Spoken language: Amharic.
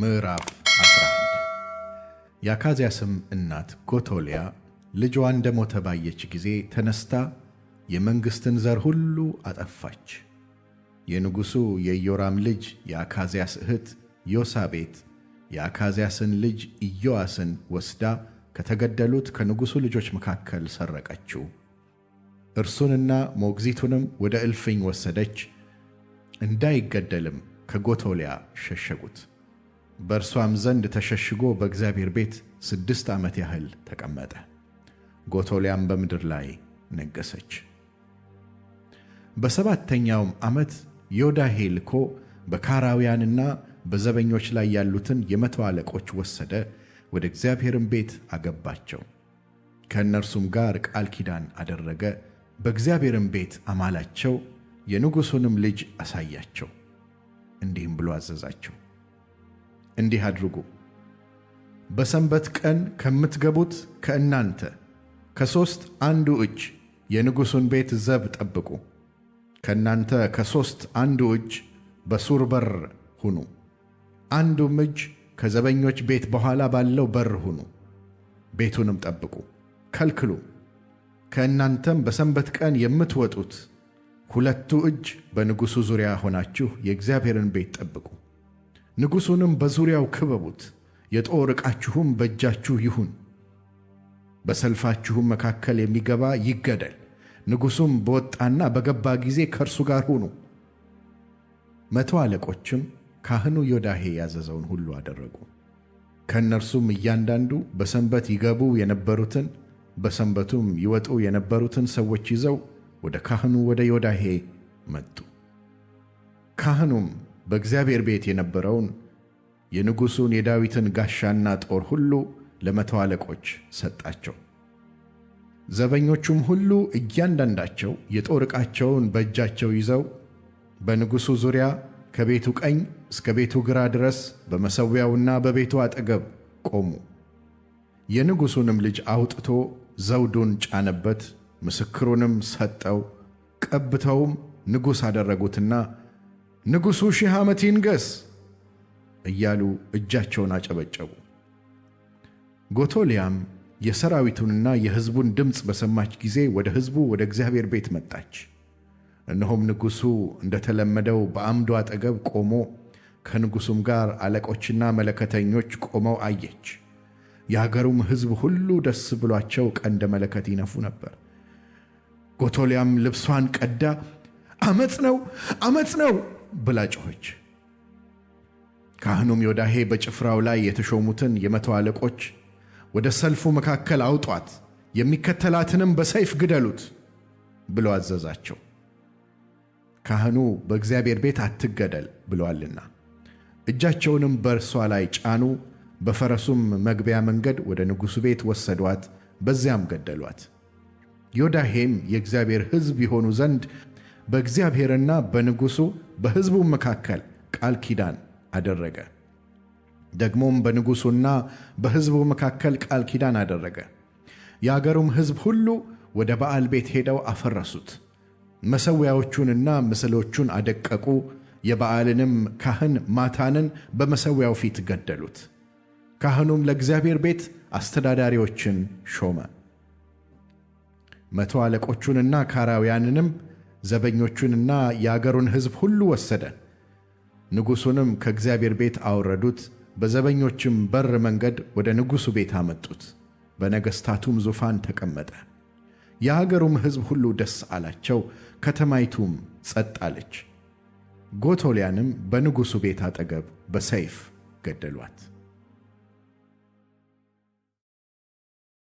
ምዕራፍ 11 የአካዝያስም እናት ጎቶልያ ልጇ እንደ ሞተ ባየች ጊዜ ተነስታ የመንግሥትን ዘር ሁሉ አጠፋች። የንጉሡ የኢዮራም ልጅ የአካዝያስ እህት ዮሳቤት የአካዝያስን ልጅ ኢዮአስን ወስዳ ከተገደሉት ከንጉሡ ልጆች መካከል ሰረቀችው። እርሱንና ሞግዚቱንም ወደ እልፍኝ ወሰደች፤ እንዳይገደልም ከጎቶልያ ሸሸጉት። በእርሷም ዘንድ ተሸሽጎ በእግዚአብሔር ቤት ስድስት ዓመት ያህል ተቀመጠ። ጎቶሊያም በምድር ላይ ነገሰች። በሰባተኛውም ዓመት ዮዳሄ ልኮ በካራውያንና በዘበኞች ላይ ያሉትን የመቶ አለቆች ወሰደ፣ ወደ እግዚአብሔርም ቤት አገባቸው። ከእነርሱም ጋር ቃል ኪዳን አደረገ፣ በእግዚአብሔርም ቤት አማላቸው፣ የንጉሡንም ልጅ አሳያቸው። እንዲህም ብሎ አዘዛቸው እንዲህ አድርጉ። በሰንበት ቀን ከምትገቡት ከእናንተ ከሦስት አንዱ እጅ የንጉሡን ቤት ዘብ ጠብቁ። ከእናንተ ከሦስት አንዱ እጅ በሱር በር ሁኑ፣ አንዱም እጅ ከዘበኞች ቤት በኋላ ባለው በር ሁኑ። ቤቱንም ጠብቁ፣ ከልክሉ። ከእናንተም በሰንበት ቀን የምትወጡት ሁለቱ እጅ በንጉሡ ዙሪያ ሆናችሁ የእግዚአብሔርን ቤት ጠብቁ። ንጉሡንም በዙሪያው ክበቡት፣ የጦር ዕቃችሁም በእጃችሁ ይሁን፣ በሰልፋችሁም መካከል የሚገባ ይገደል። ንጉሡም በወጣና በገባ ጊዜ ከእርሱ ጋር ሁኑ። መቶ አለቆችም ካህኑ ዮዳሄ ያዘዘውን ሁሉ አደረጉ። ከእነርሱም እያንዳንዱ በሰንበት ይገቡ የነበሩትን በሰንበቱም ይወጡ የነበሩትን ሰዎች ይዘው ወደ ካህኑ ወደ ዮዳሄ መጡ። ካህኑም በእግዚአብሔር ቤት የነበረውን የንጉሡን የዳዊትን ጋሻና ጦር ሁሉ ለመቶ አለቆች ሰጣቸው። ዘበኞቹም ሁሉ እያንዳንዳቸው የጦር ዕቃቸውን በእጃቸው ይዘው በንጉሡ ዙሪያ ከቤቱ ቀኝ እስከ ቤቱ ግራ ድረስ በመሠዊያውና በቤቱ አጠገብ ቆሙ። የንጉሡንም ልጅ አውጥቶ ዘውዱን ጫነበት፣ ምስክሩንም ሰጠው። ቀብተውም ንጉሥ አደረጉትና ንጉሡ ሺህ ዓመት ይንገሥ እያሉ እጃቸውን አጨበጨቡ። ጎቶልያም የሰራዊቱንና የሕዝቡን ድምፅ በሰማች ጊዜ ወደ ሕዝቡ ወደ እግዚአብሔር ቤት መጣች። እነሆም ንጉሡ እንደተለመደው በአምዱ አጠገብ ቆሞ ከንጉሡም ጋር አለቆችና መለከተኞች ቆመው አየች። የአገሩም ሕዝብ ሁሉ ደስ ብሏቸው ቀንደ መለከት ይነፉ ነበር። ጎቶልያም ልብሷን ቀዳ፣ አመፅ ነው! አመፅ ነው! ብላ ጮኸች። ካህኑም ዮዳሄ በጭፍራው ላይ የተሾሙትን የመቶ አለቆች ወደ ሰልፉ መካከል አውጧት፣ የሚከተላትንም በሰይፍ ግደሉት ብሎ አዘዛቸው። ካህኑ በእግዚአብሔር ቤት አትገደል ብለዋልና። እጃቸውንም በእርሷ ላይ ጫኑ፣ በፈረሱም መግቢያ መንገድ ወደ ንጉሡ ቤት ወሰዷት፣ በዚያም ገደሏት። ዮዳሄም የእግዚአብሔር ሕዝብ የሆኑ ዘንድ በእግዚአብሔርና በንጉሡ በሕዝቡ መካከል ቃል ኪዳን አደረገ። ደግሞም በንጉሡና በሕዝቡ መካከል ቃል ኪዳን አደረገ። የአገሩም ሕዝብ ሁሉ ወደ በዓል ቤት ሄደው አፈረሱት፣ መሠዊያዎቹንና ምስሎቹን አደቀቁ። የበዓልንም ካህን ማታንን በመሠዊያው ፊት ገደሉት። ካህኑም ለእግዚአብሔር ቤት አስተዳዳሪዎችን ሾመ። መቶ አለቆቹንና ካራውያንንም ዘበኞቹንና የአገሩን ሕዝብ ሁሉ ወሰደ። ንጉሡንም ከእግዚአብሔር ቤት አወረዱት፣ በዘበኞችም በር መንገድ ወደ ንጉሡ ቤት አመጡት። በነገሥታቱም ዙፋን ተቀመጠ። የአገሩም ሕዝብ ሁሉ ደስ አላቸው፣ ከተማይቱም ጸጥ አለች። ጎቶልያንም በንጉሡ ቤት አጠገብ በሰይፍ ገደሏት።